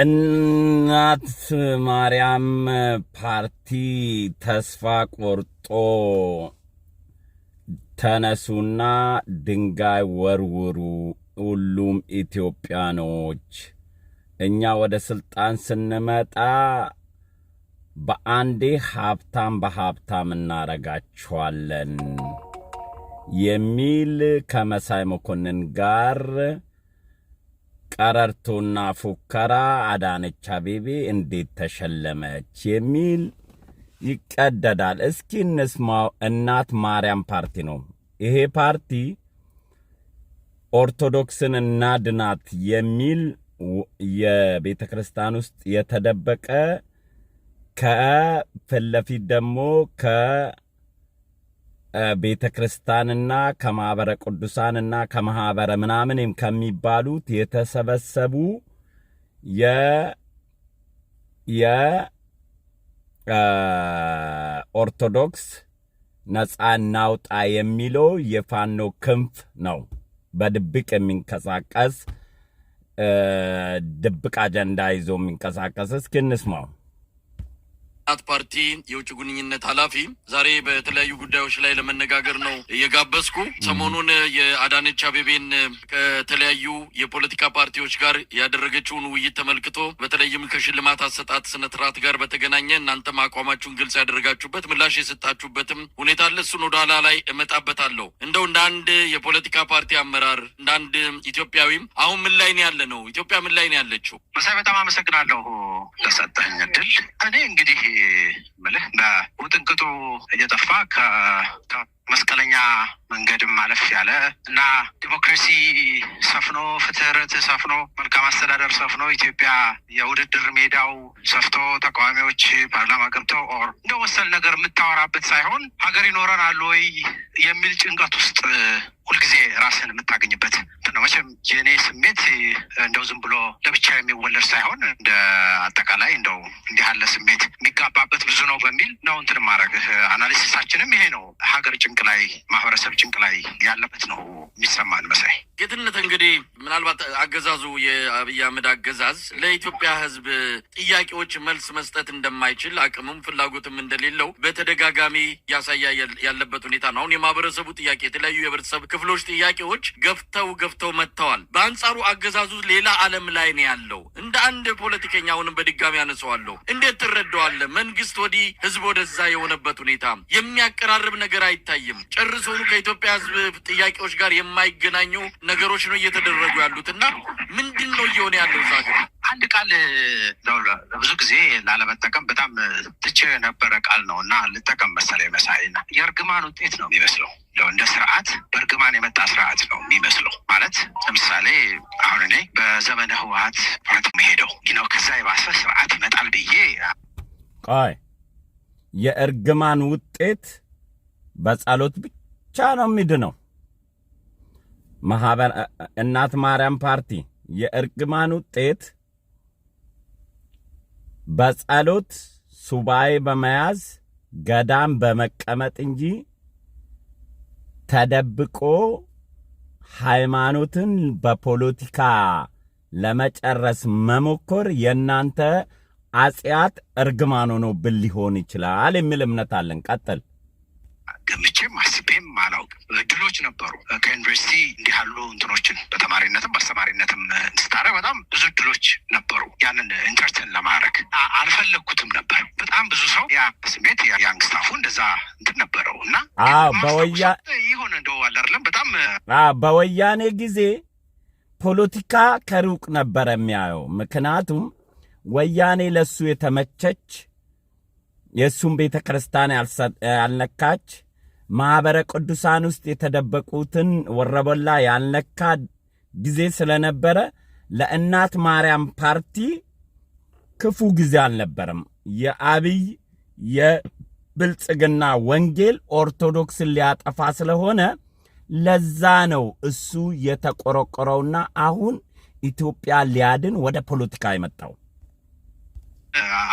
እናት ማርያም ፓርቲ ተስፋ ቆርጦ ተነሱና ድንጋይ ወርውሩ፣ ሁሉም ኢትዮጵያኖች እኛ ወደ ስልጣን ስንመጣ በአንዴ ሀብታም በሀብታም እናረጋችኋለን የሚል ከመሳይ መኮንን ጋር ቀረርቶና ፉከራ አዳነች አቤቤ እንዴት ተሸለመች የሚል ይቀደዳል። እስኪ እንስማው። እናት ማርያም ፓርቲ ነው። ይሄ ፓርቲ ኦርቶዶክስን እናድናት የሚል የቤተ ክርስቲያን ውስጥ የተደበቀ ከፊት ለፊት ደግሞ ቤተ ክርስቲያንና ከማኅበረ ቅዱሳንና ከማኅበረ ምናምንም ከሚባሉት የተሰበሰቡ የኦርቶዶክስ ነፃ እናውጣ የሚለው የፋኖ ክንፍ ነው። በድብቅ የሚንቀሳቀስ ድብቅ አጀንዳ ይዞ የሚንቀሳቀስ እስኪ እንስማው። እናት ፓርቲ የውጭ ግንኙነት ኃላፊ ዛሬ በተለያዩ ጉዳዮች ላይ ለመነጋገር ነው እየጋበዝኩ። ሰሞኑን የአዳነች አቤቤን ከተለያዩ የፖለቲካ ፓርቲዎች ጋር ያደረገችውን ውይይት ተመልክቶ በተለይም ከሽልማት ስነ ስነስርዓት ጋር በተገናኘ እናንተም አቋማችሁን ግልጽ ያደረጋችሁበት ምላሽ የሰጣችሁበትም ሁኔታ አለ። እሱን ወደ ኋላ ላይ እመጣበታለሁ። እንደው እንደ አንድ የፖለቲካ ፓርቲ አመራር እንደ አንድ ኢትዮጵያዊም አሁን ምን ላይ ነው ያለ ነው? ኢትዮጵያ ምን ላይ ነው ያለችው? መሳይ፣ በጣም አመሰግናለሁ ለሰጠኝ እድል። እኔ እንግዲህ ምልህ በውጥንቅጡ እየጠፋ ከመስቀለኛ መንገድም አለፍ ያለ እና ዲሞክራሲ ሰፍኖ ፍትህርት ሰፍኖ መልካም አስተዳደር ሰፍኖ ኢትዮጵያ የውድድር ሜዳው ሰፍቶ ተቃዋሚዎች ፓርላማ ገብተው ኦር እንደ ወሰን ነገር የምታወራበት ሳይሆን ሀገር ይኖረናል ወይ የሚል ጭንቀት ውስጥ ሁልጊዜ ራስን የምታገኝበት ነው። መቼም የእኔ ስሜት እንደው ዝም ብሎ ለብቻ የሚወለድ ሳይሆን እንደ አጠቃላይ እንደው እንዲህ ያለ ስሜት የሚጋባበት ብዙ ነው በሚል ነው እንትን ማድረግ አናሊሲሳችንም ይሄ ነው። ሀገር ጭንቅ ላይ ማህበረሰብ ጭንቅ ላይ ያለበት ነው የሚሰማን መሳይ ጌትነት እንግዲህ ምናልባት አገዛዙ የአብይ አህመድ አገዛዝ ለኢትዮጵያ ሕዝብ ጥያቄዎች መልስ መስጠት እንደማይችል አቅሙም ፍላጎትም እንደሌለው በተደጋጋሚ ያሳያ ያለበት ሁኔታ ነው። አሁን የማህበረሰቡ ጥያቄ፣ የተለያዩ የህብረተሰብ ክፍሎች ጥያቄዎች ገፍተው ገፍተው መጥተዋል። በአንጻሩ አገዛዙ ሌላ ዓለም ላይ ነው ያለው። እንደ አንድ ፖለቲከኛ አሁንም በድጋሚ ያነሰዋለሁ። እንዴት ትረደዋለ? መንግስት ወዲህ ህዝብ ወደዛ የሆነበት ሁኔታ የሚያቀራርብ ነገር አይታይም። ጨርሶኑ ከኢትዮጵያ ሕዝብ ጥያቄዎች ጋር የማይገናኙ ነገሮች ነው እየተደረጉ ያሉት እና ምንድን ነው እየሆነ ያለው እዛ ሀገር? አንድ ቃል ብዙ ጊዜ ላለመጠቀም በጣም ትቼ የነበረ ቃል ነው እና ልጠቀም መሰለኝ። መሳይና የእርግማን ውጤት ነው የሚመስለው እንደ ስርዓት በእርግማን የመጣ ስርዓት ነው የሚመስለው። ማለት ለምሳሌ አሁን እኔ በዘመነ ህወሀት ፖለቲ መሄደው ነው ከዛ የባሰ ስርዓት ይመጣል ብዬ ቆይ የእርግማን ውጤት በጸሎት ብቻ ነው የሚድነው። እናት ማርያም ፓርቲ የእርግማን ውጤት በጸሎት ሱባኤ በመያዝ ገዳም በመቀመጥ እንጂ ተደብቆ ሃይማኖትን በፖለቲካ ለመጨረስ መሞከር የእናንተ አጽያት እርግማን ብል ሊሆን ይችላል የሚል እምነት አለን። ቀጥል። ገምቼም አስቤም አላውቅም። እድሎች ነበሩ ከዩኒቨርሲቲ እንዲህ ያሉ እንትኖችን በተማሪነትም በአስተማሪነትም ስታረግ በጣም ብዙ እድሎች ነበሩ። ያንን ኢንተርቴን ለማድረግ አልፈለግኩትም ነበር። በጣም ብዙ ሰው ያ ስሜት ያንግ ስታፉ እንደዛ እንትን ነበረው እና ይሆን እንደ አለርለም በጣም በወያኔ ጊዜ ፖለቲካ ከሩቅ ነበረ የሚያየው። ምክንያቱም ወያኔ ለሱ የተመቸች የእሱም ቤተ ክርስቲያን ያልነካች ማኅበረ ቅዱሳን ውስጥ የተደበቁትን ወረበላ ያልነካ ጊዜ ስለነበረ ለእናት ማርያም ፓርቲ ክፉ ጊዜ አልነበረም። የአብይ የብልጽግና ወንጌል ኦርቶዶክስን ሊያጠፋ ስለሆነ ለዛ ነው እሱ የተቆረቆረውና አሁን ኢትዮጵያ ሊያድን ወደ ፖለቲካ የመጣው።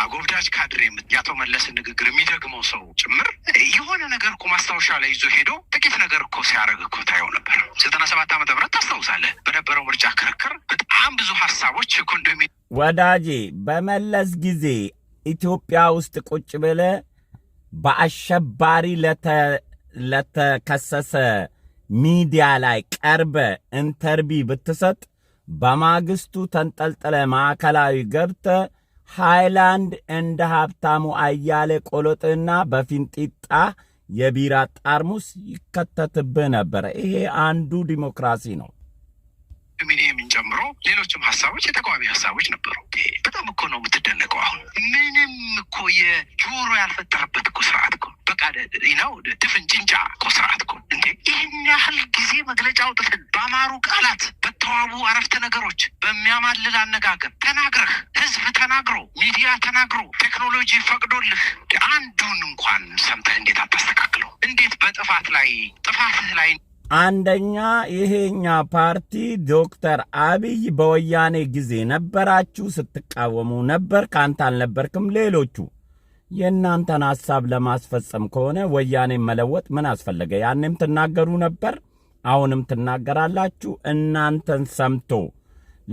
አጎብዳጅ ካድሬ የአቶ መለስን ንግግር የሚደግመው ሰው ጭምር የሆነ ነገር እኮ ማስታወሻ ላይ ይዞ ሄዶ ጥቂት ነገር እኮ ሲያደርግ እኮ ታየው ነበር። ዘጠና ሰባት ዓመተ ምህረት ታስታውሳለህ? በነበረው ምርጫ ክርክር በጣም ብዙ ሀሳቦች ኮንዶሚ ወዳጄ፣ በመለስ ጊዜ ኢትዮጵያ ውስጥ ቁጭ ብለ በአሸባሪ ለተከሰሰ ሚዲያ ላይ ቀርበ እንተርቢ ብትሰጥ በማግስቱ ተንጠልጥለ ማዕከላዊ ገብተ ሃይላንድ እንደ ሀብታሙ አያሌ ቆሎጥና በፊንጢጣ የቢራ ጠርሙስ ይከተትብህ ነበረ። ይሄ አንዱ ዲሞክራሲ ነው። ኮንዶሚኒየምን ጨምሮ ሌሎችም ሀሳቦች የተቃዋሚ ሀሳቦች ነበሩ። በጣም እኮ ነው የምትደነቀው። አሁን ምንም እኮ የጆሮ ያልፈጠረበት እኮ ስርዓት በቃ ነው ድፍን እኮ ስርዓት እኮ እንዴ! ይህን ያህል ጊዜ መግለጫ አውጥተን በአማሩ ቃላት፣ በተዋቡ አረፍተ ነገሮች፣ በሚያማልል አነጋገር ተናግረህ ህዝብ ተናግሮ ሚዲያ ተናግሮ ቴክኖሎጂ ፈቅዶልህ አንዱን እንኳን ሰምተህ እንዴት አታስተካክለው? እንዴት በጥፋት ላይ ጥፋትህ ላይ አንደኛ ይሄኛ ፓርቲ ዶክተር አብይ በወያኔ ጊዜ ነበራችሁ፣ ስትቃወሙ ነበር። ከአንተ አልነበርክም ሌሎቹ የእናንተን ሐሳብ ለማስፈጸም ከሆነ ወያኔ መለወጥ ምን አስፈለገ? ያኔም ትናገሩ ነበር፣ አሁንም ትናገራላችሁ። እናንተን ሰምቶ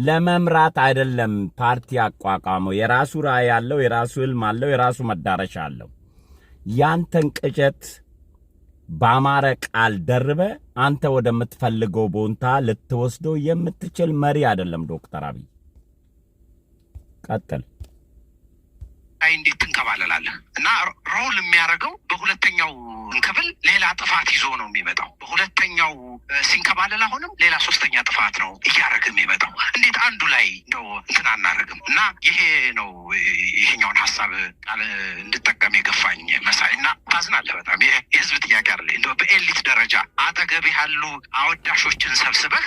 ለመምራት አይደለም ፓርቲ አቋቋመው። የራሱ ራዕይ አለው፣ የራሱ ህልም አለው፣ የራሱ መዳረሻ አለው። ያንተን ቅዠት ባማረ ቃል ደርበ አንተ ወደምትፈልገው ቦንታ ልትወስደው የምትችል መሪ አይደለም ዶክተር አብይ። ቀጥል። ላይ እንዴት ትንከባለላለህ? እና ሮል የሚያደርገው በሁለተኛው እንክብል ሌላ ጥፋት ይዞ ነው የሚመጣው። በሁለተኛው ሲንከባለል አሁንም ሌላ ሶስተኛ ጥፋት ነው እያደረግ የሚመጣው። እንዴት አንዱ ላይ እንደው እንትን አናደርግም? እና ይሄ ነው ይሄኛውን ሀሳብ እንድጠቀም የገፋኝ መሳይ እና ታዝናለህ በጣም የህዝብ ጥያቄ አለ እንደው በኤሊት ደረጃ አጠገብ ያሉ አወዳሾችን ሰብስበህ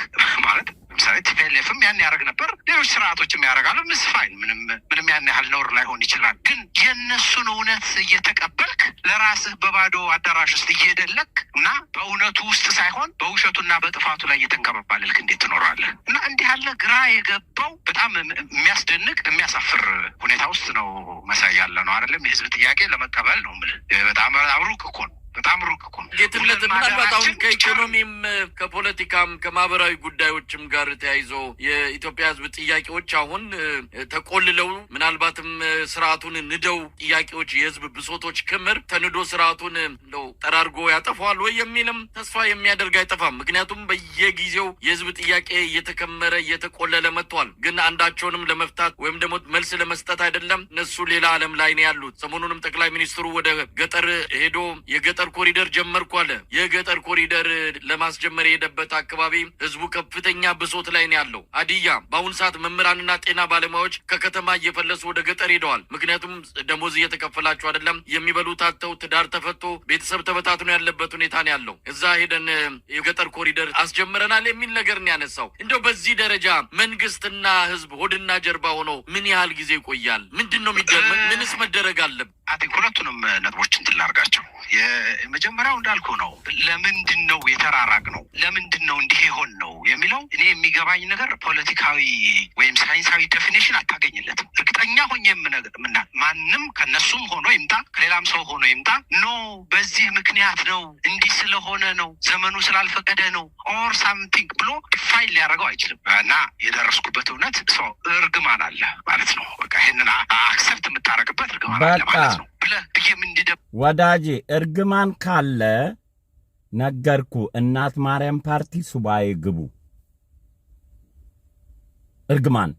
ማለት ለምሳሌ ቲፒኤልኤፍም ያን ያደረግ ነበር፣ ሌሎች ስርዓቶችም ያደረጋሉ። ምስፋይን ምንም ምንም ያን ያህል ነውር ላይሆን ይችላል። ግን የእነሱን እውነት እየተቀበልክ ለራስህ በባዶ አዳራሽ ውስጥ እየደለክ እና በእውነቱ ውስጥ ሳይሆን በውሸቱና በጥፋቱ ላይ እየተንከባባልልክ እንዴት ትኖራለህ? እና እንዲህ ያለ ግራ የገባው በጣም የሚያስደንቅ የሚያሳፍር ሁኔታ ውስጥ ነው መሳይ ያለ ነው አይደለም። የህዝብ ጥያቄ ለመቀበል ነው የምልህ። በጣም በጣም እኮ ነው። በጣም ሩቅ እኮ ነው። የትምለት ምናልባት አሁን ከኢኮኖሚም ከፖለቲካም ከማህበራዊ ጉዳዮችም ጋር ተያይዞ የኢትዮጵያ ሕዝብ ጥያቄዎች አሁን ተቆልለው ምናልባትም ስርዓቱን ንደው ጥያቄዎች፣ የህዝብ ብሶቶች ክምር ተንዶ ስርዓቱን ለው ጠራርጎ ያጠፋዋል ወይ የሚልም ተስፋ የሚያደርግ አይጠፋም። ምክንያቱም በየጊዜው የህዝብ ጥያቄ እየተከመረ እየተቆለለ መጥቷል። ግን አንዳቸውንም ለመፍታት ወይም ደግሞ መልስ ለመስጠት አይደለም፣ እነሱ ሌላ ዓለም ላይ ነው ያሉት። ሰሞኑንም ጠቅላይ ሚኒስትሩ ወደ ገጠር ሄዶ የገጠ የገጠር ኮሪደር ጀመርኩ አለ። የገጠር ኮሪደር ለማስጀመር የሄደበት አካባቢ ህዝቡ ከፍተኛ ብሶት ላይ ነው ያለው። አዲያ በአሁኑ ሰዓት መምህራንና ጤና ባለሙያዎች ከከተማ እየፈለሱ ወደ ገጠር ሄደዋል። ምክንያቱም ደሞዝ እየተከፈላቸው አይደለም። የሚበሉ ታተው፣ ትዳር ተፈቶ ቤተሰብ ተበታትኖ ያለበት ሁኔታ ነው ያለው። እዛ ሄደን የገጠር ኮሪደር አስጀምረናል የሚል ነገር ነው ያነሳው። እንደው በዚህ ደረጃ መንግስትና ህዝብ ሆድና ጀርባ ሆኖ ምን ያህል ጊዜ ይቆያል? ምንድን ነው ምንስ መደረግ አለብ? ሁለቱንም ነጥቦች እንትን መጀመሪያው እንዳልኩ ነው። ለምንድን ነው የተራራቅ ነው? ለምንድን ነው እንዲህ የሆን ነው የሚለው እኔ የሚገባኝ ነገር ፖለቲካዊ ወይም ሳይንሳዊ ዴፊኒሽን አታገኝለትም። እርግጠኛ ሆኜ የምና ማንም ከነሱም ሆኖ ይምጣ ከሌላም ሰው ሆኖ ይምጣ ኖ በዚህ ምክንያት ነው እንዲህ ስለሆነ ነው ዘመኑ ስላልፈቀደ ነው ኦር ሳምቲንግ ብሎ ፋይል ሊያደርገው አይችልም። እና የደረስኩበት እውነት ሰው እርግማን አለ ማለት ነው። በቃ ይህንን አክሰፕት የምታደርግበት እርግማን አለ ማለት ነው። ብለህ ብዬ ወዳጄ እርግማን ካለ ነገርኩ። እናት ማርያም ፓርቲ ሱባኤ ግቡ። እርግማን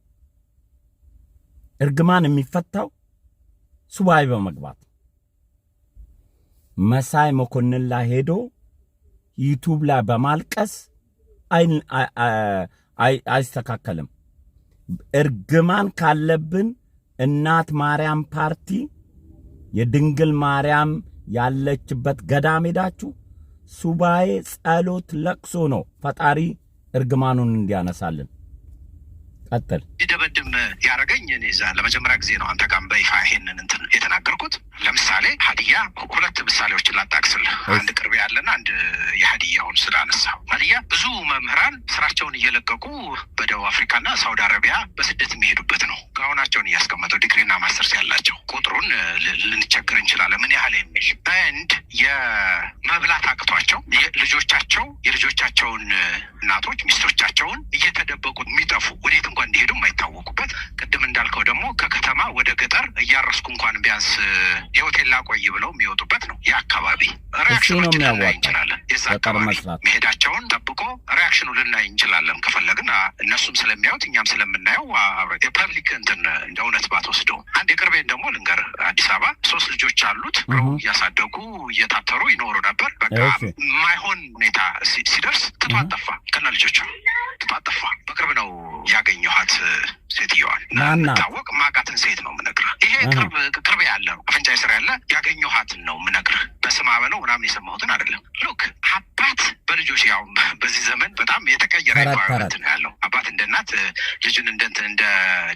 እርግማን የሚፈታው ሱባኤ በመግባት መሳይ መኮንን ላይ ሄዶ ዩቱብ ላይ በማልቀስ አይስተካከልም። እርግማን ካለብን እናት ማርያም ፓርቲ የድንግል ማርያም ያለችበት ገዳም ሄዳችሁ ሱባኤ፣ ጸሎት፣ ለቅሶ ነው። ፈጣሪ እርግማኑን እንዲያነሳልን ቀጥል። ይደበድም ያደረገኝ እኔ እዛ ለመጀመሪያ ጊዜ ነው አንተ ጋም በይፋ ይሄንን እንትን የተናገርኩት። ለምሳሌ ሀዲያ ሁለት ምሳሌዎችን ላጣቅስል። አንድ ቅርብ ያለና አንድ የሀዲያውን ስላነሳው ሀዲያ ብዙ መምህራን ስራቸውን እየለቀቁ በደቡብ አፍሪካና ሳውዲ አረቢያ በስደት የሚሄዱበት ነው። ጋውናቸውን እያስቀመጠው ዲግሪና ማስተርስ ያላቸው ቁጥሩን ልንቸግር እንችላለን ምን ያህል የሚል አንድ የመብላት አቅቷቸው ልጆቻቸው የልጆቻቸውን እናቶች ሚስቶቻቸውን እየተደበቁ የሚጠፉ ወዴት እንኳን እንዲሄዱ የማይታወቁበት ቅድም እንዳልከው ደግሞ ከከተማ ወደ ገጠር እያረስኩ እንኳን ቢያንስ የሆቴል ላቆይ ብለው የሚወጡበት ነው። የአካባቢ ሪያክሽኖች ልናይ እንችላለን። የዛ አካባቢ መሄዳቸውን ጠብቆ ሪያክሽኑ ልናይ እንችላለን ከፈለግን። እነሱም ስለሚያዩት እኛም ስለምናየው የፐብሊክ እንትን እንደ እውነት ባትወስደው አንድ የቅርቤን ደግሞ ልንገር። አዲስ አበባ ሶስት ልጆች አሉት እያሳደጉ እየታተሩ ይኖሩ ነበር። በቃ የማይሆን ሁኔታ ሲደርስ ትቷ ጠፋ፣ ከነ ልጆቿ ትቷ ጠፋ። በቅርብ ነው ያገኘኋት። ሴትዮዋል የምታወቅ ማቃትን ሴት ነው የምነግርህ። ይሄ ቅርብ ያለ አፍንጫ ስራ ያለ ያገኘኋትን ነው የምነግርህ። በስማ በለው ምናምን የሰማሁትን አይደለም። ሉክ አባት በልጆች ያው በዚህ ዘመን በጣም የተቀየረ ኢንቫይሮመንት ነው ያለው። አባት እንደናት ልጅን እንደ እንደ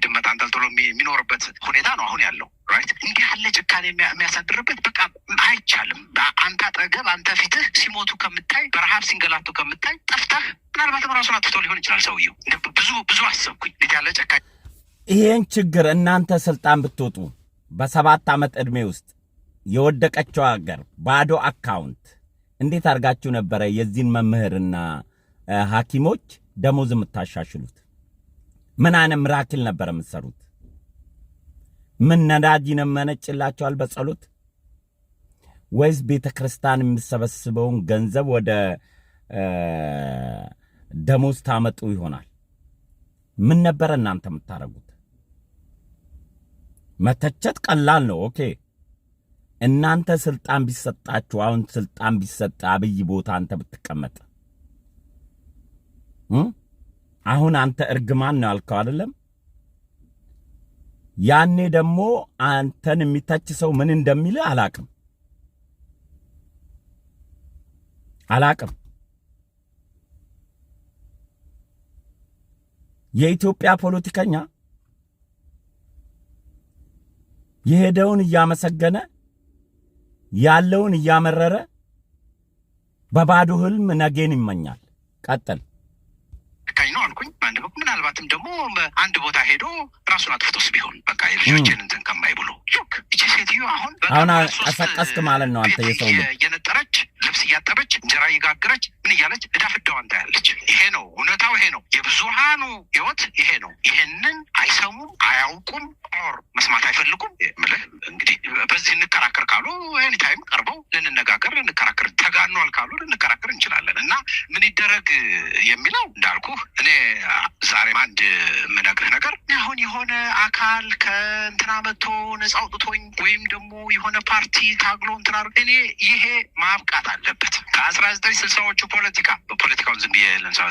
ድመት አንጠልጥሎ የሚኖርበት ሁኔታ ነው አሁን ያለው። ራይት እንዲህ ያለ ጭካኔ የሚያሳድርበት በቃ አይቻልም። አንተ አጠገብ አንተ ፊትህ ሲሞቱ ከምታይ በረሃብ ሲንገላቱ ከምታይ ጠፍተህ ምናልባትም ራሱን አጥፍቶ ሊሆን ይችላል ሰውየው። ብዙ ብዙ አሰብኩኝ። እንዲህ ያለ ጨካ ይሄን ችግር እናንተ ስልጣን ብትወጡ በሰባት ዓመት ዕድሜ ውስጥ የወደቀችው አገር ባዶ አካውንት እንዴት አድርጋችሁ ነበረ የዚህን መምህርና ሐኪሞች ደሞዝ የምታሻሽሉት? ምን አይነት ምራኪል ነበረ የምትሰሩት? ምን ነዳጅ ይመነጭላቸዋል በጸሎት ወይስ ቤተ ክርስቲያን የምሰበስበውን ገንዘብ ወደ ደሞዝ ታመጡ ይሆናል? ምን ነበረ እናንተ የምታደርጉት? መተቸት ቀላል ነው። ኦኬ እናንተ ስልጣን ቢሰጣችሁ፣ አሁን ስልጣን ቢሰጥ አብይ ቦታ አንተ ብትቀመጥ፣ አሁን አንተ እርግማን ነው ያልከው አይደለም? ያኔ ደግሞ አንተን የሚታች ሰው ምን እንደሚል አላቅም አላቅም። የኢትዮጵያ ፖለቲከኛ የሄደውን እያመሰገነ ያለውን እያመረረ በባዶ ህልም ነገን ይመኛል። ቀጥል። በአንድ በኩል ምናልባትም ደግሞ አንድ ቦታ ሄዶ ራሱን አጥፍቶስ ቢሆን በቃ የልጆችን እንትን ከማይ ብሎ ሉክ እቺ ሴትዮ አሁን አሁን ቀሰቀስክ ማለት ነው። አንተ የሰው እየነጠረች ልብስ እያጠበች እንጀራ እየጋግረች ምን እያለች እዳፍዳው ፍዳዋን ያለች ይሄ ነው እውነታው፣ ይሄ ነው የብዙሃኑ ህይወት፣ ይሄ ነው። ይሄንን አይሰሙም፣ አያውቁም፣ ኦር መስማት አይፈልጉም። ምልህ እንግዲህ በዚህ እንከራከር ካሉ ኤኒታይም ቀርበው ልንነጋገር ልንከራከር፣ ተጋኗል ካሉ ልንከራከር እንችላለን እና ምን ይደረግ የሚለው እንዳልኩህ ዛሬም አንድ የምነግርህ ነገር አሁን የሆነ አካል ከእንትና መጥቶ ነጻ አውጥቶኝ ወይም ደግሞ የሆነ ፓርቲ ታግሎ እንትና እኔ ይሄ ማብቃት አለበት። ከአስራ ዘጠኝ ስልሳዎቹ ፖለቲካ ፖለቲካውን ዝም ብዬ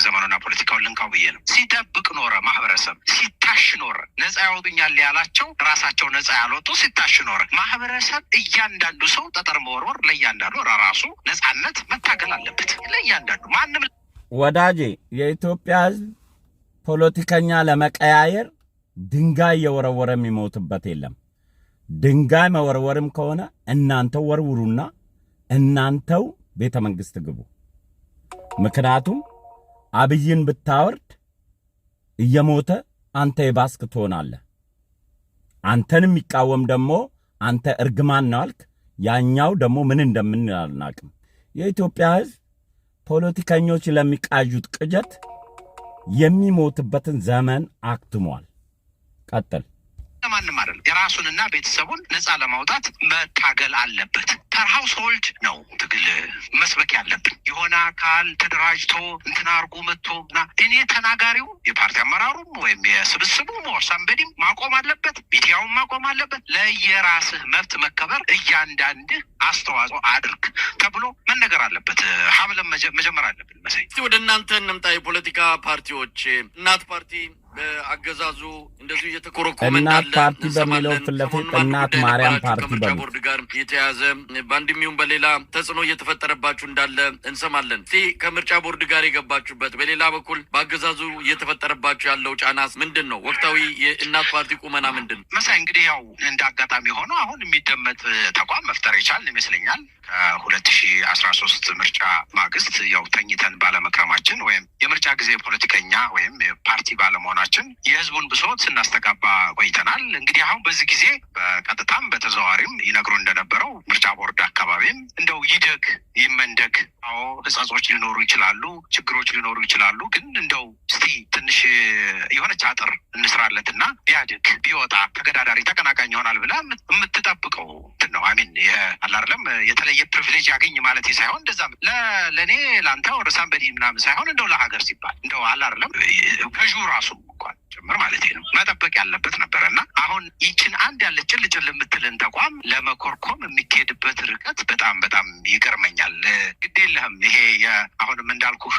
ዘመኑና ፖለቲካውን ልንካው ብዬ ነው። ሲጠብቅ ኖረ ማህበረሰብ፣ ሲታሽ ኖረ። ነጻ ያወጡኛል ያላቸው ራሳቸው ነጻ ያልወጡ ሲታሽ ኖረ ማህበረሰብ። እያንዳንዱ ሰው ጠጠር መወርወር ለእያንዳንዱ ራሱ ነጻነት መታገል አለበት። ለእያንዳንዱ ማንም ወዳጄ የኢትዮጵያ ህዝብ ፖለቲከኛ ለመቀያየር ድንጋይ የወረወረ የሚሞትበት የለም። ድንጋይ መወርወርም ከሆነ እናንተው ወርውሩና እናንተው ቤተ መንግስት ግቡ። ምክንያቱም አብይን ብታወርድ እየሞተ አንተ የባስክ ትሆናለህ። አንተን የሚቃወም ደግሞ አንተ እርግማን ነው አልክ። ያኛው ደግሞ ምን እንደምን የኢትዮጵያ ሕዝብ ፖለቲከኞች ለሚቃዡት ቅጀት የሚሞትበትን ዘመን አክትሟል። ቀጥል ማንም አይደለም። የራሱንና ቤተሰቡን ነፃ ለማውጣት መታገል አለበት። ፐር ሀውስሆልድ ነው ትግል መስበክ ያለብን። የሆነ አካል ተደራጅቶ እንትን አርጎ መጥቶ እና እኔ ተናጋሪው የፓርቲ አመራሩም ወይም የስብስቡ ሞርሳንበዲም ማቆም አለበት፣ ሚዲያውን ማቆም አለበት። ለየራስህ መብት መከበር እያንዳንድህ አስተዋጽኦ አድርግ ተብሎ መነገር አለበት። ሀብለን መጀመር አለብን። መሳይ ወደ እናንተ እንምጣ። የፖለቲካ ፓርቲዎች እናት ፓርቲ በአገዛዙ እንደዚሁ እየተኮረኮመ እናት ፓርቲ በሚለው ፊት ለፊት እናት ማርያም ፓርቲ በሚል ጋር የተያዘ በአንድሚውም በሌላ ተጽዕኖ እየተፈጠረባችሁ እንዳለ እንሰማለን። እስቲ ከምርጫ ቦርድ ጋር የገባችሁበት፣ በሌላ በኩል በአገዛዙ እየተፈጠረባችሁ ያለው ጫናስ ምንድን ነው? ወቅታዊ የእናት ፓርቲ ቁመና ምንድን ነው? መሳይ እንግዲህ ያው እንደ አጋጣሚ ሆኖ አሁን የሚደመጥ ተቋም መፍጠር ይቻል ይመስለኛል። ከሁለት ሺ አስራ ሶስት ምርጫ ማግስት ያው ተኝተን ባለመክረማችን ወይም የምርጫ ጊዜ ፖለቲከኛ ወይም ፓርቲ ባለመሆናችን በመሆናችን የህዝቡን ብሶት ስናስተጋባ ቆይተናል። እንግዲህ አሁን በዚህ ጊዜ በቀጥታም በተዘዋሪም ይነግሩ እንደነበረው ምርጫ ቦርድ አካባቢም እንደው ይደግ ይመንደግ፣ አዎ ህጸጾች ሊኖሩ ይችላሉ፣ ችግሮች ሊኖሩ ይችላሉ። ግን እንደው እስቲ ትንሽ የሆነች አጥር እንስራለትና ቢያድግ ቢወጣ ተገዳዳሪ ተቀናቃኝ ይሆናል ብላ የምትጠብቀው ነው አሚን አላርለም የተለየ ፕሪቪሌጅ ያገኝ ማለት ሳይሆን እንደዛ ለእኔ ለአንተ ርሳን በዲ ምናምን ሳይሆን እንደው ለሀገር ሲባል እንደው አላርለም ገዥ ራሱ እንኳን ጭምር ማለት ነው መጠበቅ ያለበት ነበረ እና አሁን ይችን አንድ ያለችን ልጭን የምትልን ተቋም ለመኮርኮም የሚካሄድበት ርቀት በጣም በጣም ይገርመኛል። ግድ ይሄ አሁንም እንዳልኩህ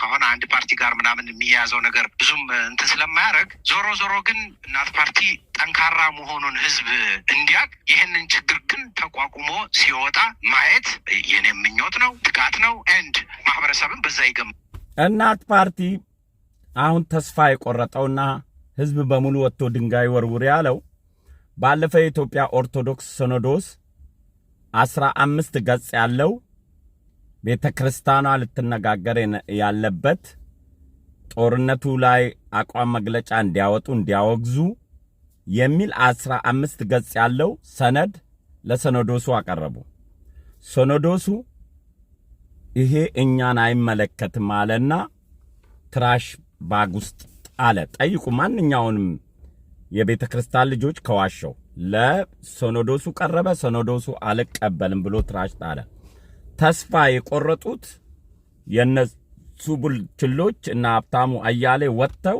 ከሆነ አንድ ፓርቲ ጋር ምናምን የሚያያዘው ነገር ብዙም እንት ስለማያደርግ ዞሮ ዞሮ ግን እናት ፓርቲ ጠንካራ መሆኑን ህዝብ እንዲያቅ ይህንን ችግር ግን ተቋቁሞ ሲወጣ ማየት የኔ ምኞት ነው፣ ትጋት ነው። ኤንድ ማህበረሰብን በዛ ይገም እናት ፓርቲ አሁን ተስፋ የቆረጠውና ህዝብ በሙሉ ወጥቶ ድንጋይ ወርውር ያለው ባለፈው የኢትዮጵያ ኦርቶዶክስ ሲኖዶስ አስራ አምስት ገጽ ያለው ቤተ ክርስቲያኗ ልትነጋገር ያለበት ጦርነቱ ላይ አቋም መግለጫ እንዲያወጡ እንዲያወግዙ የሚል አስራ አምስት ገጽ ያለው ሰነድ ለሰኖዶሱ አቀረቡ። ሰኖዶሱ ይሄ እኛን አይመለከትም አለና ትራሽ ባግ ውስጥ ጣለ። ጠይቁ ማንኛውንም የቤተ ክርስቲያን ልጆች ከዋሸው ለሰኖዶሱ ቀረበ። ሰኖዶሱ አልቀበልም ብሎ ትራሽ ጣለ። ተስፋ የቆረጡት የነሱ ቡልችሎች እና ሀብታሙ አያሌ ወጥተው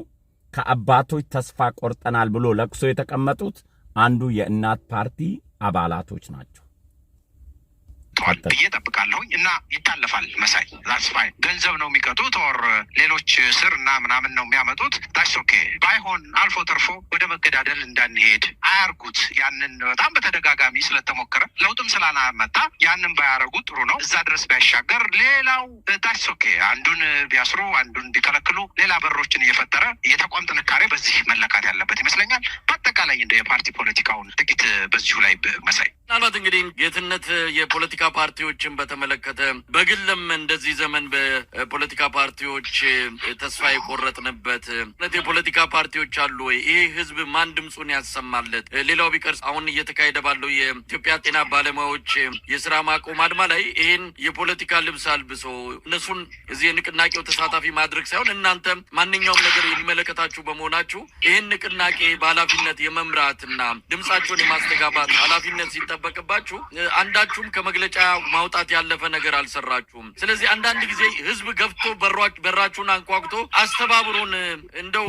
ከአባቶች ተስፋ ቆርጠናል ብሎ ለቅሶ የተቀመጡት አንዱ የእናት ፓርቲ አባላቶች ናቸው። ተቀጥቷል ብዬ ጠብቃለሁኝ እና ይታለፋል። መሳይ ዛትስ ገንዘብ ነው የሚቀጡት ኦር ሌሎች ስር እና ምናምን ነው የሚያመጡት። ዳስ ኦኬ ባይሆን አልፎ ተርፎ ወደ መገዳደል እንዳንሄድ አያርጉት። ያንን በጣም በተደጋጋሚ ስለተሞከረ ለውጥም ስላላመጣ ያንን ባያረጉ ጥሩ ነው። እዛ ድረስ ቢያሻገር ሌላው ዳስ ኦኬ አንዱን ቢያስሩ አንዱን ቢከለክሉ ሌላ በሮችን እየፈጠረ የተቋም ጥንካሬ በዚህ መለካት ያለበት ይመስለኛል። በአጠቃላይ እንደ የፓርቲ ፖለቲካውን ጥቂት በዚሁ ላይ መሳይ ምናልባት እንግዲህ ጌትነት የፖለቲካ ፓርቲዎችን በተመለከተ በግልም እንደዚህ ዘመን በፖለቲካ ፓርቲዎች ተስፋ የቆረጥንበት የፖለቲካ ፓርቲዎች አሉ ወይ? ይሄ ህዝብ ማን ድምፁን ያሰማለት? ሌላው ቢቀርስ አሁን እየተካሄደ ባለው የኢትዮጵያ ጤና ባለሙያዎች የስራ ማቆም አድማ ላይ ይህን የፖለቲካ ልብስ አልብሶ እነሱን እዚህ የንቅናቄው ተሳታፊ ማድረግ ሳይሆን እናንተ ማንኛውም ነገር የሚመለከታችሁ በመሆናችሁ ይህን ንቅናቄ በኃላፊነት የመምራትና ድምፃቸውን የማስተጋባት ኃላፊነት ሲጠ ሲጠበቅባችሁ አንዳችሁም ከመግለጫ ማውጣት ያለፈ ነገር አልሰራችሁም። ስለዚህ አንዳንድ ጊዜ ህዝብ ገብቶ በራችሁን አንኳኩቶ አስተባብሩን፣ እንደው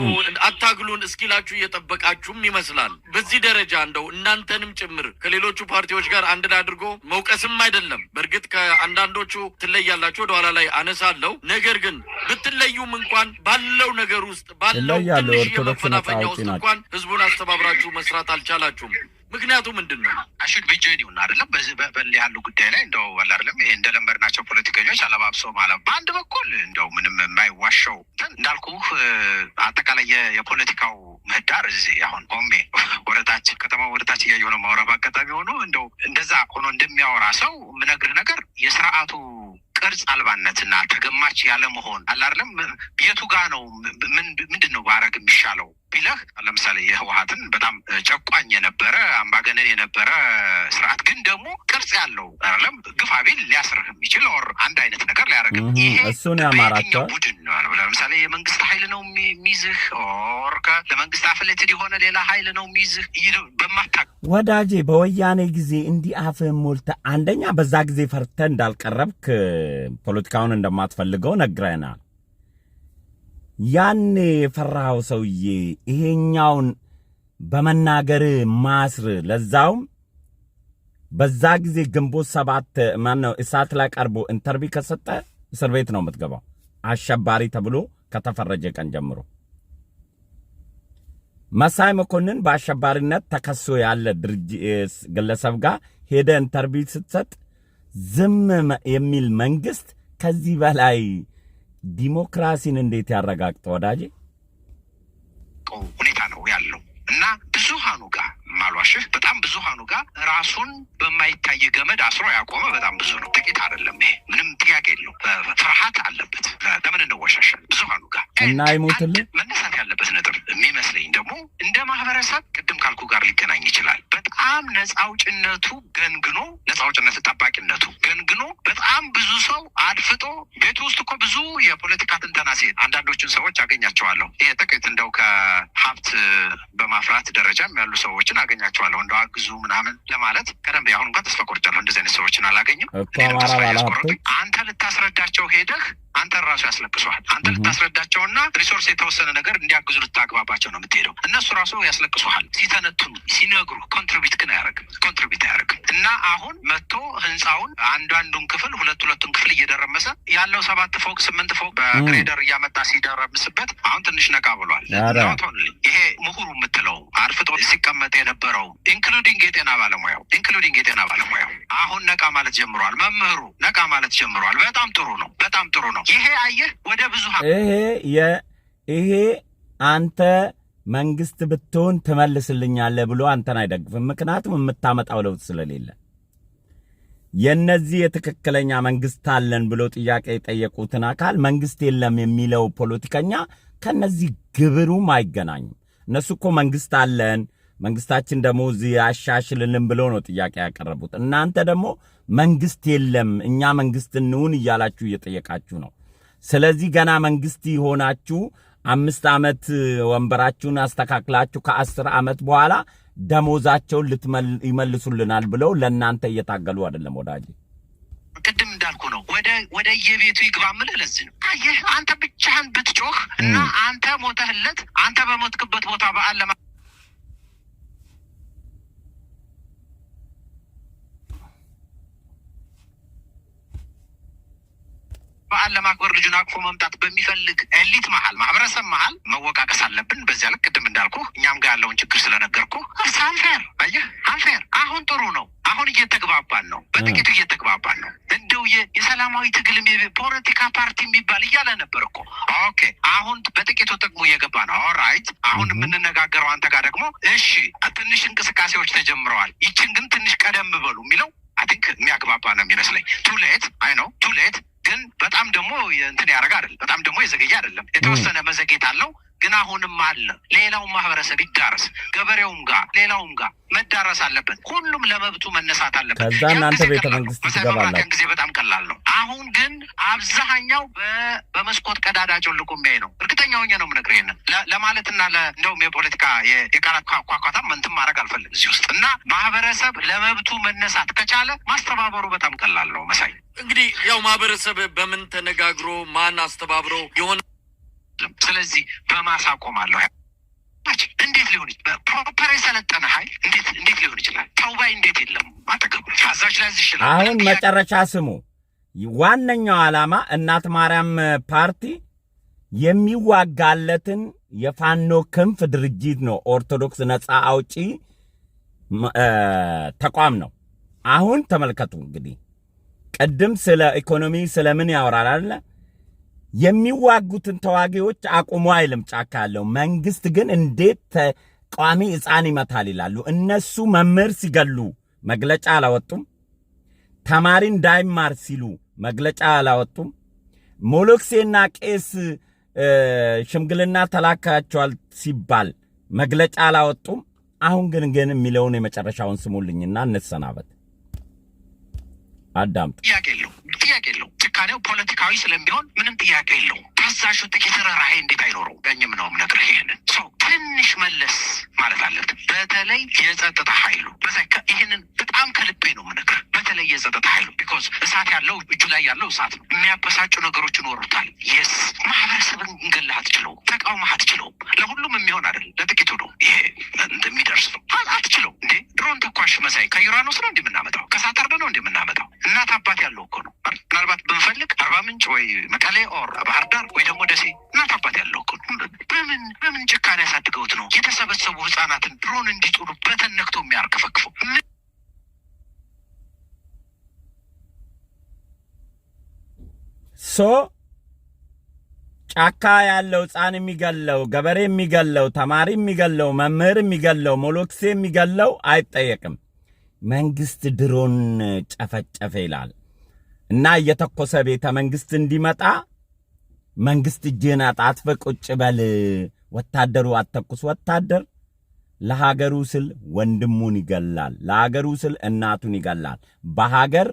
አታግሉን እስኪላችሁ እየጠበቃችሁም ይመስላል። በዚህ ደረጃ እንደው እናንተንም ጭምር ከሌሎቹ ፓርቲዎች ጋር አንድ ላይ አድርጎ መውቀስም አይደለም። በእርግጥ ከአንዳንዶቹ ትለያላችሁ፣ ወደኋላ ላይ አነሳለሁ። ነገር ግን ብትለዩም እንኳን ባለው ነገር ውስጥ ባለው ትንሽ የመፈናፈኛ ውስጥ እንኳን ህዝቡን አስተባብራችሁ መስራት አልቻላችሁም። ምክንያቱ ምንድን ነው? አሹድ ብጆይን ይሁን አይደለም በእንዲህ ያሉ ጉዳይ ላይ እንደው አይደለም ይሄ እንደ ናቸው ፖለቲከኞች አለባብሰው ማለት በአንድ በኩል እንደው ምንም የማይዋሸው እንዳልኩ አጠቃላይ የፖለቲካው ምህዳር እዚህ አሁን ቆሜ ወረታች ከተማ ወረታች እያየሁ ነው ማውራት። አጋጣሚ ሆኖ እንደው እንደዛ ሆኖ እንደሚያወራ ሰው የምነግርህ ነገር የስርዓቱ ቅርጽ አልባነትና ተገማች ያለመሆን አላለም። የቱ ጋ ነው ምንድን ነው ባረግ የሚሻለው ቢለህ ለምሳሌ የህወሀትን በጣም ጨቋኝ የነበረ አምባገነን የነበረ ስርዓት ግን ደግሞ ቅርጽ ያለው አለም ግፋ ቢል ሊያስርህ የሚችል ወር አንድ አይነት ነገር ሊያደርግ ይሄ እሱን ያማራቸው ቡድን ለምሳሌ የመንግስት ሀይል ነው የሚይዝህ፣ ኦር ለመንግስት አፍለትድ የሆነ ሌላ ሀይል ነው የሚይዝህ። በማታ ወዳጄ በወያኔ ጊዜ እንዲህ አፍህን ሞልተህ አንደኛ በዛ ጊዜ ፈርተህ እንዳልቀረብክ ፖለቲካውን እንደማትፈልገው ነግረናል። ያኔ የፈራኸው ሰውዬ ይሄኛውን በመናገር ማስር፣ ለዛውም በዛ ጊዜ ግንቦት ሰባት ማነው እሳት ላይ ቀርቦ ኢንተርቪው ከሰጠ እስር ቤት ነው የምትገባው፣ አሸባሪ ተብሎ ከተፈረጀ ቀን ጀምሮ። መሳይ መኮንን በአሸባሪነት ተከሶ ያለ ግለሰብ ጋር ሄደ ኢንተርቪው ስትሰጥ ዝም የሚል መንግስት ከዚህ በላይ ዲሞክራሲን እንዴት ያረጋግጠ ወዳጄ ሁኔታ ነው ያለው እና ብዙሃኑ ጋር ማሏሽህ በጣም ብዙሃኑ ጋር ራሱን በማይታይ ገመድ አስሮ ያቆመ በጣም ብዙ ነው፣ ጥቂት አይደለም። ይሄ ምንም ጥያቄ የለው። ፍርሃት አለበት። ለምን እንወሻሻል? ብዙሃኑ ጋር እና ይሞትል መነሳት ያለበት ነጥብ የሚመስለኝ ደግሞ እንደ ማህበረሰብ ቅድም ካልኩ ጋር ሊገናኝ ይችላል። በጣም ነፃ አውጭነቱ ገንግኖ ነፃ አውጭነት ጠባቂነቱ ገንግኖ በጣም ብዙ ሰው አድፍጦ ቤቱ ውስጥ እኮ ብዙ የፖለቲካ ትንተና ሲሄድ አንዳንዶቹን ሰዎች አገኛቸዋለሁ። ይህ ጥቂት እንደው ከሀብት በማፍራት ደረጃም ያሉ ሰዎችን አገኛቸዋለሁ። እንደው አግዙ ምናምን ለማለት ቀደም አሁን እንኳን ተስፋ ቆርጫለሁ። እንደዚህ አይነት ሰዎችን አላገኝም። አንተ ልታስረዳቸው ሄደህ አንተ ራሱ ያስለቅሷል። አንተ ልታስረዳቸውና ሪሶርስ የተወሰነ ነገር እንዲያግዙ ልታግባባቸው ነው የምትሄደው። እነሱ ራሱ ያስለቅሱሃል። ሲተነትኑ ሲነግሩ ኮንትሪቢት ግን አያደርግም ኮንትሪቢት አያደርግም። እና አሁን መጥቶ ህንፃውን አንዳንዱን ክፍል ሁለት ሁለቱን ክፍል እየደረመሰ ያለው ሰባት ፎቅ ስምንት ፎቅ በግሬደር እያመጣ ሲደረምስበት አሁን ትንሽ ነቃ ብሏል። ይሄ ምሁሩ የምትለው አርፍጦ ሲቀመጥ የነበረው ኢንክሉዲንግ የጤና ባለሙያው ኢንክሉዲንግ የጤና ባለሙያው አሁን ነቃ ማለት ጀምሯል። መምህሩ ነቃ ማለት ጀምሯል። በጣም ጥሩ ነው። በጣም ጥሩ ነው። ይሄ አየህ ወደ ብዙሃን ይሄ ይሄ አንተ መንግስት ብትሆን ትመልስልኛለህ ብሎ አንተን አይደግፍም። ምክንያቱም የምታመጣው ለውጥ ስለሌለ የነዚህ የትክክለኛ መንግስት አለን ብሎ ጥያቄ የጠየቁትን አካል መንግስት የለም የሚለው ፖለቲከኛ ከነዚህ ግብሩም አይገናኙም። እነሱ እኮ መንግስት አለን መንግስታችን ደግሞ እዚህ ያሻሽልልን ብሎ ነው ጥያቄ ያቀረቡት። እናንተ ደግሞ መንግስት የለም እኛ መንግስት እንውን እያላችሁ እየጠየቃችሁ ነው። ስለዚህ ገና መንግስት ይሆናችሁ አምስት ዓመት ወንበራችሁን አስተካክላችሁ ከአስር ዓመት በኋላ ደሞዛቸውን ይመልሱልናል ብለው ለእናንተ እየታገሉ አይደለም ወዳጅ ቅድም እንዳልኩ ነው። ወደ ወደ የቤቱ ይግባ ምልህ ለዚህ ነው። አየህ አንተ ብቻህን ብትጮህ እና አንተ ሞተህለት አንተ በሞትክበት ቦታ በዓል ለማ በዓል ለማክበር ልጁን አቅፎ መምጣት በሚፈልግ ኤሊት መሀል ማህበረሰብ መሀል መወቃቀስ አለብን። በዚያ ልክ ቅድም እንዳልኩ እኛም ጋር ያለውን ችግር ስለነገርኩ አንፌር አየህ፣ አንፌር አሁን ጥሩ ነው። አሁን እየተግባባን ነው፣ በጥቂቱ እየተግባባን ነው። እንደው የሰላማዊ ትግልም ፖለቲካ ፓርቲ የሚባል እያለ ነበር እኮ ኦኬ። አሁን በጥቂቱ ጥቅሙ እየገባ ነው። ኦራይት አሁን የምንነጋገረው አንተ ጋር ደግሞ እሺ፣ ትንሽ እንቅስቃሴዎች ተጀምረዋል። ይችን ግን ትንሽ ቀደም በሉ የሚለው አይ ቲንክ የሚያግባባ ነው የሚመስለኝ። ቱሌት አይ ነው ቱሌት ግን በጣም ደግሞ እንትን ያደረገ አይደለም። በጣም ደግሞ የዘገየ አይደለም። የተወሰነ መዘጌት አለው። ግን አሁንም አለ። ሌላው ማህበረሰብ ይዳረስ፣ ገበሬውም ጋር ሌላውም ጋር መዳረስ አለበት። ሁሉም ለመብቱ መነሳት አለበት። ከዛ እናንተ ቤተ መንግስት ትገባላችሁ። ጊዜ በጣም ቀላል ነው። አሁን ግን አብዛኛው በመስኮት ቀዳዳቸው ልቆ የሚያይ ነው። እርግጠኛ ሆኜ ነው የምነግርህ። ይሄንን ለማለትና እንደውም የፖለቲካ የቃላት ኳኳታ ምንትም ማድረግ አልፈልግ እዚህ ውስጥ እና ማህበረሰብ ለመብቱ መነሳት ከቻለ ማስተባበሩ በጣም ቀላል ነው። መሳይ እንግዲህ ያው ማህበረሰብ በምን ተነጋግሮ ማን አስተባብረው የሆነ ስለዚህ በማሳ አለው እንዴት ሊሆን ፕሮፐር የሰለጠነ ሀይል እንዴት ሊሆን ይችላል? ተውባይ እንዴት የለም አጠገቡ አዛዥ ላይ ይችላል። አሁን መጨረሻ ስሙ። ዋነኛው ዓላማ እናት ማርያም ፓርቲ የሚዋጋለትን የፋኖ ክንፍ ድርጅት ነው። ኦርቶዶክስ ነጻ አውጪ ተቋም ነው። አሁን ተመልከቱ እንግዲህ ቅድም ስለ ኢኮኖሚ ስለምን ያወራል አለ የሚዋጉትን ተዋጊዎች አቁሙ አይልም ጫካ ያለው መንግስት ግን እንዴት ተቃዋሚ ህፃን ይመታል ይላሉ። እነሱ መምህር ሲገሉ መግለጫ አላወጡም። ተማሪ እንዳይማር ሲሉ መግለጫ አላወጡም። ሞሎክሴና ቄስ ሽምግልና ተላካቸዋል ሲባል መግለጫ አላወጡም። አሁን ግን ግን የሚለውን የመጨረሻውን ስሙልኝና እንሰናበት። አዳምጡ። የለው። ጭካኔው ፖለቲካዊ ስለሚሆን ምንም ጥያቄ የለውም። ታዛዡ ጥቂት ርህራሄ እንዴት አይኖረው? እኛም ነው የምነግርህ ይሄንን ሰው ትንሽ መለስ ማለት አለብን። በተለይ የጸጥታ ኃይሉ ይህንን በጣም ከልቤ ነው የምነግርህ። በተለይ የጸጥታ ኃይሉ ቢኮዝ እሳት ያለው እጁ ላይ ያለው እሳት ነው። የሚያበሳጩ ነገሮች ይኖሩታል። የስ ማህበረሰብን እንገልህ አትችለው፣ ተቃውመህ አትችለው። ለሁሉም የሚሆን አይደል፣ ለጥቂቱ ነው ይሄ እንደሚደርስ ነው። አትችለው እንዴ ድሮን ተኳሽ መሳይ ከዩራኖስ ነው እንደምናመጣው ከሳተርድ ነው እንደምናመጣው እናት አባት ያለው እኮ ነው። ምናልባት ብንፈልግ አርባ ምንጭ ወይ መቀሌ ኦር ባህር ዳር ወይ ደግሞ ደሴ እናት አባት ያለው እኮ በምን በምን ጭካኔ ያሳድገውት ነው የተሰበሰቡ ህጻናትን ድሮን እንዲጥሉ በተነክቶ የሚያርከፈክፈው? ሶ ጫካ ያለው ህፃን የሚገለው ገበሬ የሚገለው ተማሪ የሚገለው መምህር የሚገለው ሞሎክሴ የሚገለው አይጠየቅም። መንግስት ድሮን ጨፈጨፈ ይላል እና እየተኮሰ ቤተ መንግስት እንዲመጣ መንግስት እጅህን አጣጥፈ ቁጭ በል፣ ወታደሩ አተኩስ። ወታደር ለሀገሩ ስል ወንድሙን ይገላል፣ ለሀገሩ ስል እናቱን ይገላል። በሀገር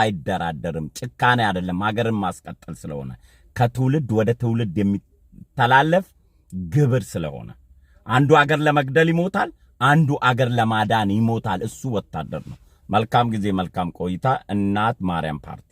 አይደራደርም። ጭካኔ አይደለም፣ ሀገርን ማስቀጠል ስለሆነ ከትውልድ ወደ ትውልድ የሚተላለፍ ግብር ስለሆነ አንዱ አገር ለመግደል ይሞታል፣ አንዱ አገር ለማዳን ይሞታል። እሱ ወታደር ነው። መልካም ጊዜ፣ መልካም ቆይታ። እናት ማርያም ፓርቲ